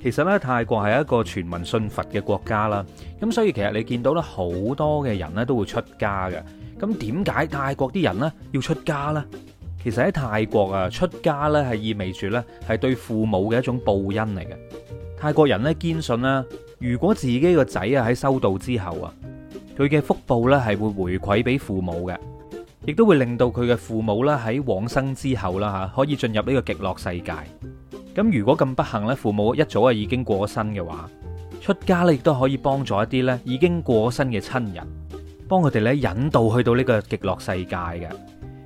其實咧，泰國係一個全民信佛嘅國家啦，咁所以其實你見到咧好多嘅人咧都會出家嘅。咁點解泰國啲人咧要出家呢？其實喺泰國啊，出家咧係意味住咧係對父母嘅一種報恩嚟嘅。泰國人咧堅信咧，如果自己個仔啊喺修道之後啊，佢嘅福報咧係會回饋俾父母嘅，亦都會令到佢嘅父母咧喺往生之後啦嚇可以進入呢個極樂世界。咁如果咁不幸咧，父母一早啊已經過身嘅話，出家咧亦都可以幫助一啲咧已經過身嘅親人，幫佢哋咧引導去到呢個極樂世界嘅。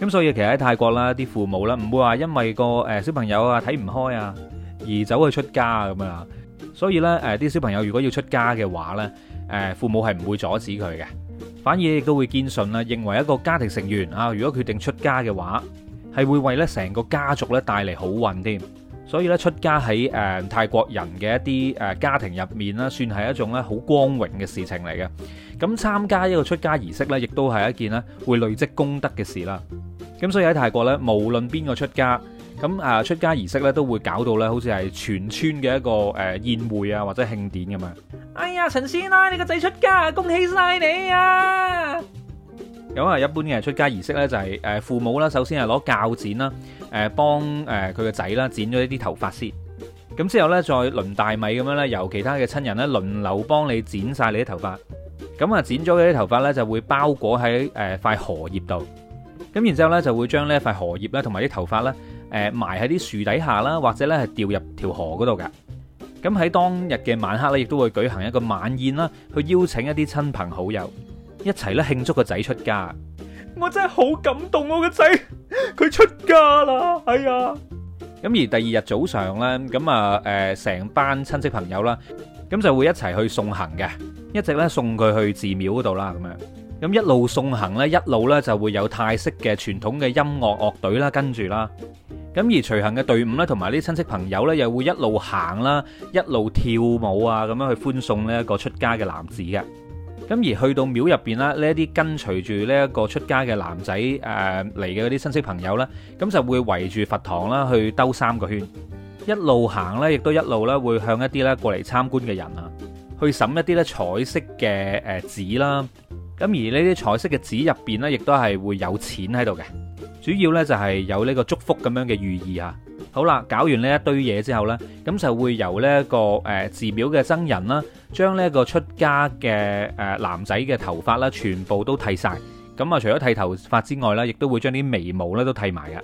咁所以其實喺泰國啦，啲父母啦唔會話因為個誒小朋友啊睇唔開啊而走去出家咁樣。所以咧誒啲小朋友如果要出家嘅話咧，誒父母係唔會阻止佢嘅，反而亦都會堅信啦，認為一個家庭成員啊如果決定出家嘅話，係會為咧成個家族咧帶嚟好運添。所以咧出家喺誒、呃、泰國人嘅一啲誒、呃、家庭入面啦，算係一種咧好光榮嘅事情嚟嘅。咁、嗯、參加呢個出家儀式咧，亦都係一件咧會累積功德嘅事啦。咁、嗯、所以喺泰國咧，無論邊個出家，咁、呃、啊出家儀式咧都會搞到咧好似係全村嘅一個誒宴會啊或者慶典咁啊。哎呀，陳師奶，你個仔出家，恭喜晒你啊！咁啊，一般嘅出家儀式咧，就係誒父母啦，首先係攞鉸剪啦，誒幫誒佢個仔啦剪咗一啲頭髮先。咁之後咧，再輪大米咁樣咧，由其他嘅親人咧輪流幫你剪晒你啲頭髮。咁啊，剪咗嗰啲頭髮咧，就會包裹喺誒塊荷葉度。咁然之後咧，就會將呢塊荷葉咧同埋啲頭髮咧誒埋喺啲樹底下啦，或者咧係掉入條河嗰度㗎。咁喺當日嘅晚黑咧，亦都會舉行一個晚宴啦，去邀請一啲親朋好友。一齊咧慶祝個仔出家，我真係好感動，我個仔佢出家啦！哎呀。咁而第二日早上咧，咁啊誒，成班親戚朋友啦，咁就會一齊去送行嘅，一直咧送佢去寺廟嗰度啦，咁樣，咁一路送行咧，一路咧就會有泰式嘅傳統嘅音樂樂隊啦跟住啦，咁而隨行嘅隊伍咧，同埋啲親戚朋友咧，又會一路行啦，一路跳舞啊，咁樣去歡送呢一個出家嘅男子嘅。咁而去到廟入邊啦，呢一啲跟隨住呢一個出家嘅男仔誒嚟嘅嗰啲親戚朋友啦，咁就會圍住佛堂啦，去兜三個圈，一路行呢，亦都一路呢會向一啲呢過嚟參觀嘅人啊，去審一啲呢彩色嘅誒紙啦。咁而呢啲彩色嘅紙入邊呢，亦都係會有錢喺度嘅，主要呢，就係有呢個祝福咁樣嘅寓意啊。好啦，搞完呢一堆嘢之後咧，咁就會由呢一個誒寺廟嘅僧人啦，將呢一個出家嘅誒男仔嘅頭髮啦，全部都剃曬。咁啊，除咗剃頭髮之外咧，亦都會將啲眉毛咧都剃埋嘅。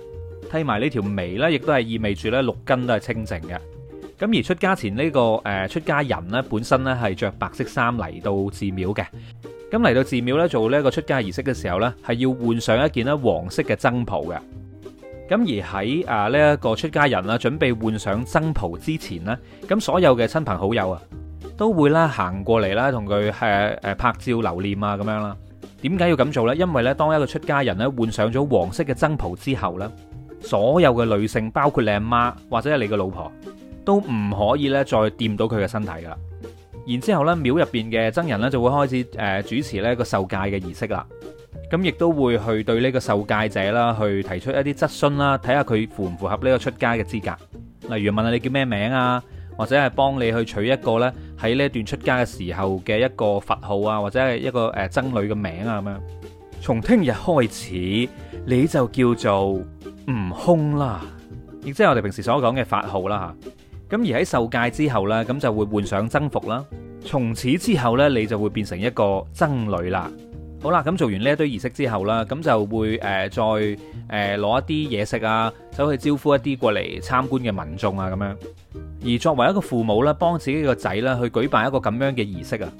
剃埋呢條眉咧，亦都係意味住咧六根都係清淨嘅。咁而出家前呢個誒出家人咧，本身咧係著白色衫嚟到寺廟嘅。咁嚟到寺廟咧做呢一個出家儀式嘅時候咧，係要換上一件咧黃色嘅僧袍嘅。咁而喺啊呢一個出家人啦，準備換上僧袍之前呢，咁所有嘅親朋好友啊，都會啦行過嚟啦，同佢誒誒拍照留念啊，咁樣啦。點解要咁做呢？因為呢，當一個出家人咧換上咗黃色嘅僧袍之後呢，所有嘅女性，包括你阿媽或者係你嘅老婆，都唔可以咧再掂到佢嘅身體噶啦。然之後咧，廟入邊嘅僧人呢，就會開始誒主持呢個受戒嘅儀式啦。咁亦都會去對呢個受戒者啦，去提出一啲質詢啦，睇下佢符唔符合呢個出家嘅資格。例如問下你叫咩名啊，或者係幫你去取一個咧喺呢一段出家嘅時候嘅一個佛號啊，或者係一個誒、呃、僧侶嘅名啊咁樣。從聽日開始，你就叫做悟空啦，亦即係我哋平時所講嘅法號啦吓。咁而喺受戒之後呢，咁就會換上僧服啦。從此之後呢，你就會變成一個僧侶啦。好啦，咁做完呢一堆儀式之後啦，咁就會誒、呃、再誒攞、呃、一啲嘢食啊，走去招呼一啲過嚟參觀嘅民眾啊，咁樣。而作為一個父母咧，幫自己個仔咧去舉辦一個咁樣嘅儀式啊，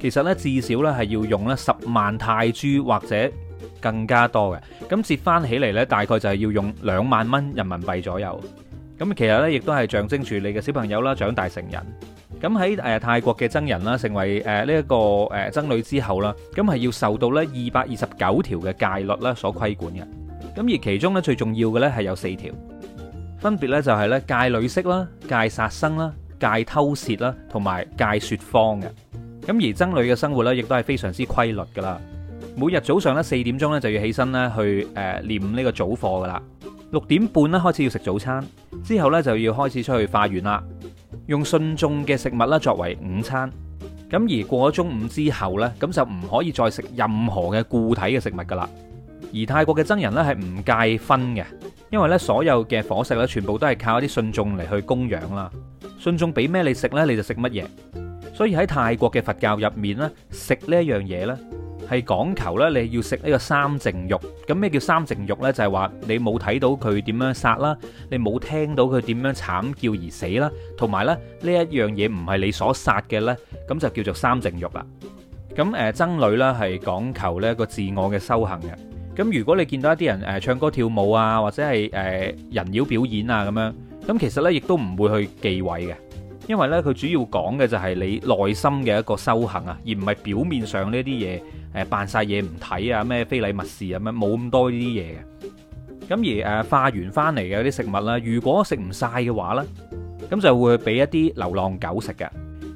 其實呢，至少呢係要用咧十萬泰銖或者更加多嘅，咁折翻起嚟呢，大概就係要用兩萬蚊人民幣左右。咁其實呢，亦都係象徵住你嘅小朋友啦長大成人。咁喺誒泰國嘅僧人啦，成為誒呢一個誒僧侶之後啦，咁係要受到咧二百二十九條嘅戒律啦，所規管嘅。咁而其中咧最重要嘅咧係有四條，分別咧就係咧戒女色啦、戒殺生啦、戒偷竊啦，同埋戒説謊嘅。咁而僧侶嘅生活咧亦都係非常之規律噶啦，每日早上咧四點鐘咧就要起身咧去誒唸呢個早課噶啦，六點半咧開始要食早餐，之後咧就要開始出去化緣啦。用信眾嘅食物啦作為午餐，咁而過咗中午之後咧，咁就唔可以再食任何嘅固體嘅食物噶啦。而泰國嘅僧人咧係唔戒葷嘅，因為咧所有嘅伙食咧全部都係靠一啲信眾嚟去供養啦。信眾俾咩你食呢？你就食乜嘢。所以喺泰國嘅佛教入面咧，食呢一樣嘢呢，係講求咧，你要食呢個三淨肉。咁咩叫三淨肉呢？就係、是、話你冇睇到佢點樣殺啦，你冇聽到佢點樣慘叫而死啦，同埋咧呢一樣嘢唔係你所殺嘅呢，咁就叫做三淨肉啦。咁誒、呃、僧侶咧係講求呢個自我嘅修行嘅。咁如果你見到一啲人誒、呃、唱歌跳舞啊，或者係誒、呃、人妖表演啊咁樣，咁其實呢亦都唔會去忌諱嘅。因為呢，佢主要講嘅就係你內心嘅一個修行啊，而唔係表面上呢啲嘢，誒扮晒嘢唔睇啊，咩非禮勿視啊，咩冇咁多呢啲嘢嘅。咁而誒化完翻嚟嘅啲食物啦，如果食唔晒嘅話呢，咁就會俾一啲流浪狗食嘅。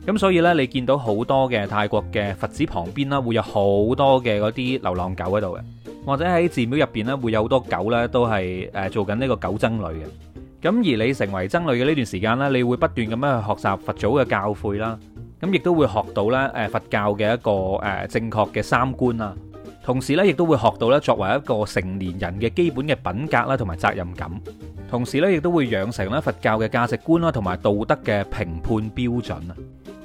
咁所以呢，你見到好多嘅泰國嘅佛寺旁邊啦，會有好多嘅嗰啲流浪狗喺度嘅，或者喺寺廟入邊呢，會有好多狗呢，都係誒做緊呢個狗僧侶嘅。咁而你成為僧侶嘅呢段時間呢，你會不斷咁樣去學習佛祖嘅教誨啦，咁亦都會學到咧誒佛教嘅一個誒正確嘅三觀啦，同時呢亦都會學到咧作為一個成年人嘅基本嘅品格啦同埋責任感，同時呢亦都會養成咧佛教嘅價值觀啦同埋道德嘅評判標準啊。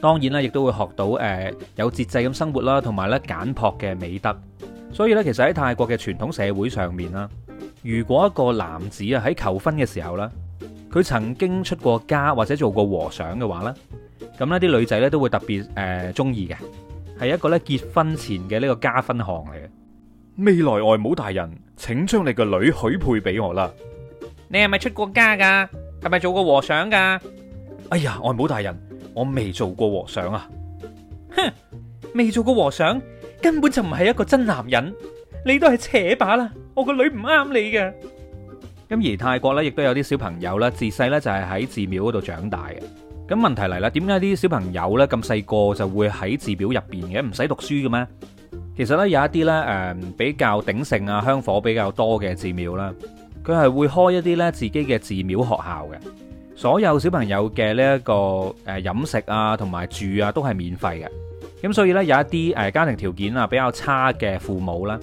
當然啦，亦都會學到誒有節制咁生活啦，同埋咧簡樸嘅美德。所以呢，其實喺泰國嘅傳統社會上面啦，如果一個男子啊喺求婚嘅時候呢，佢曾經出過家或者做過和尚嘅話呢，咁呢啲女仔呢都會特別誒中意嘅，係、呃、一個呢結婚前嘅呢個加分項嚟嘅。未來外母大人，請將你個女許配俾我啦。你係咪出過家噶？係咪做過和尚噶？哎呀，外母大人，我未做過和尚啊。哼， 未做過和尚根本就唔係一個真男人，你都係扯把啦，我個女唔啱你嘅。咁而泰國咧，亦都有啲小朋友咧，自細咧就係喺寺廟嗰度長大嘅。咁問題嚟啦，點解啲小朋友咧咁細個就會喺寺廟入邊嘅？唔使讀書嘅咩？其實咧有一啲咧誒比較鼎盛啊、香火比較多嘅寺廟啦，佢係會開一啲咧自己嘅寺廟學校嘅。所有小朋友嘅呢一個誒飲食啊同埋住啊都係免費嘅。咁所以咧有一啲誒家庭條件啊比較差嘅父母啦。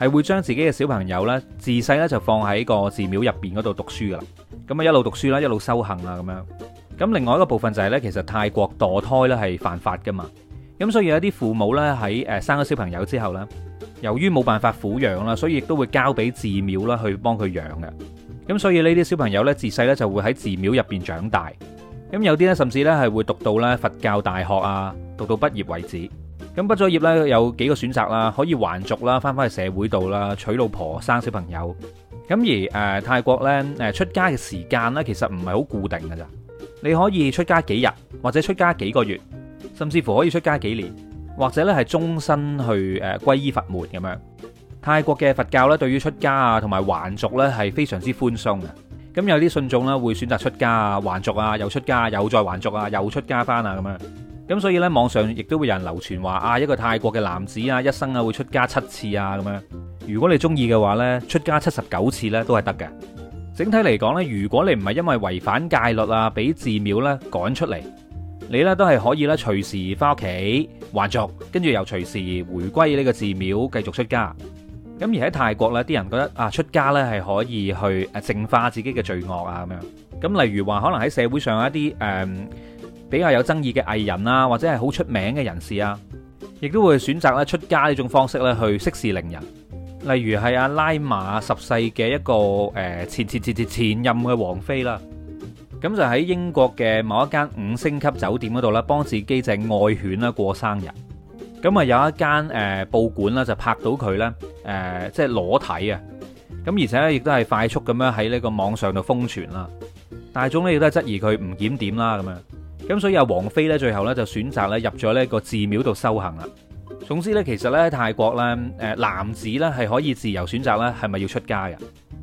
係會將自己嘅小朋友咧自細咧就放喺個寺廟入邊嗰度讀書噶啦，咁啊一路讀書啦，一路修行啊咁樣。咁另外一個部分就係呢，其實泰國墮胎咧係犯法噶嘛，咁所以有啲父母呢，喺誒生咗小朋友之後呢，由於冇辦法撫養啦，所以亦都會交俾寺廟啦去幫佢養嘅。咁所以呢啲小朋友咧自細咧就會喺寺廟入邊長大，咁有啲呢，甚至咧係會讀到咧佛教大學啊，讀到畢業為止。咁畢咗業咧，有幾個選擇啦，可以還俗啦，翻返去社會度啦，娶老婆、生小朋友。咁而誒、呃、泰國咧，誒出家嘅時間咧，其實唔係好固定嘅咋。你可以出家幾日，或者出家幾個月，甚至乎可以出家幾年，或者咧係終身去誒皈依佛門咁樣。泰國嘅佛教咧，對於出家啊同埋還俗咧係非常之寬鬆嘅。咁有啲信眾咧會選擇出家、還俗啊，又出家，又再還俗啊，又出家翻啊咁樣。咁所以呢，網上亦都會有人流傳話啊，一個泰國嘅男子啊，一生啊會出家七次啊咁樣。如果你中意嘅話呢，出家七十九次呢都係得嘅。整體嚟講呢，如果你唔係因為違反戒律啊，俾寺廟呢趕出嚟，你呢都係可以呢隨時翻屋企還俗，跟住又隨時回歸呢個寺廟繼續出家。咁而喺泰國呢，啲人覺得啊，出家呢係可以去淨化自己嘅罪惡啊咁樣。咁例如話，可能喺社會上有一啲誒。嗯比較有爭議嘅藝人啦，或者係好出名嘅人士啊，亦都會選擇咧出家呢種方式咧去息事寧人。例如係阿拉馬十世嘅一個誒前前前前前任嘅王妃啦，咁就喺英國嘅某一間五星級酒店嗰度咧，幫自己隻愛犬啦過生日。咁啊有一間誒報館啦就拍到佢咧誒即係裸體啊，咁而且咧亦都係快速咁樣喺呢個網上度瘋傳啦。大眾咧亦都係質疑佢唔檢點啦咁樣。咁所以阿王菲咧，最後咧就選擇咧入咗呢個寺廟度修行啦。總之咧，其實咧泰國咧，誒男子咧係可以自由選擇咧係咪要出家嘅。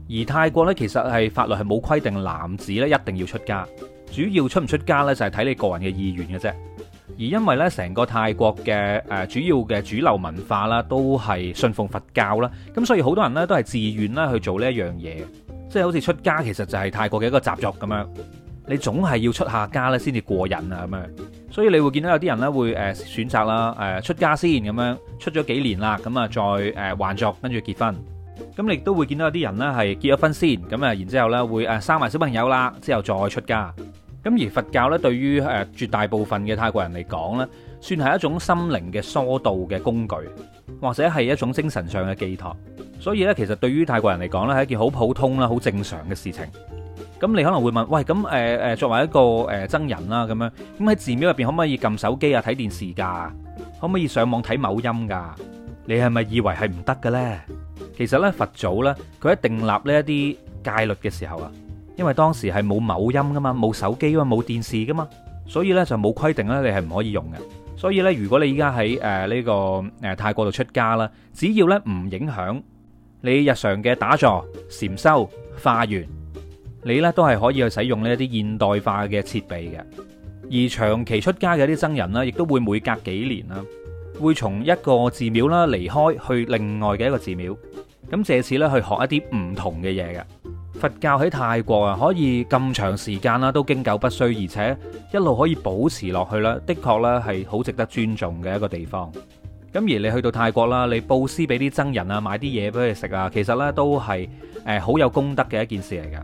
而泰國咧其實係法律係冇規定男子咧一定要出家，主要出唔出家咧就係睇你個人嘅意願嘅啫。而因為咧成個泰國嘅誒主要嘅主流文化啦，都係信奉佛教啦，咁所以好多人咧都係自願咧去做呢一樣嘢，即係好似出家其實就係泰國嘅一個習俗咁樣。你總係要出下家咧先至過癮啊咁樣，所以你會見到有啲人咧會誒選擇啦誒出家先咁樣，出咗幾年啦咁啊再誒還俗跟住結婚。咁你亦都會見到有啲人咧係結咗婚先咁啊，然之後咧會誒生埋小朋友啦，之後再出家。咁而佛教咧對於誒絕大部分嘅泰國人嚟講咧，算係一種心靈嘅疏導嘅工具，或者係一種精神上嘅寄託。所以咧，其實對於泰國人嚟講咧，係一件好普通啦、好正常嘅事情。咁你可能會問，喂，咁誒誒作為一個誒僧人啦，咁樣，咁喺寺廟入邊可唔可以撳手機啊、睇電視噶？可唔可以上網睇某音噶？你係咪以為係唔得嘅咧？其實咧，佛祖咧，佢喺訂立呢一啲戒律嘅時候啊，因為當時係冇某音噶嘛，冇手機啊，冇電視噶嘛，所以咧就冇規定咧，你係唔可以用嘅。所以咧，如果你依家喺誒呢個誒泰國度出家啦，只要咧唔影響你日常嘅打坐、禪修、化緣。你咧都係可以去使用呢一啲現代化嘅設備嘅。而長期出家嘅啲僧人呢，亦都會每隔幾年啦，會從一個寺廟啦離開去另外嘅一個寺廟，咁藉此咧去學一啲唔同嘅嘢嘅。佛教喺泰國啊，可以咁長時間啦，都經久不衰，而且一路可以保持落去啦。的確咧係好值得尊重嘅一個地方。咁而你去到泰國啦，你布施俾啲僧人啊，買啲嘢俾佢食啊，其實呢都係誒好有功德嘅一件事嚟㗎。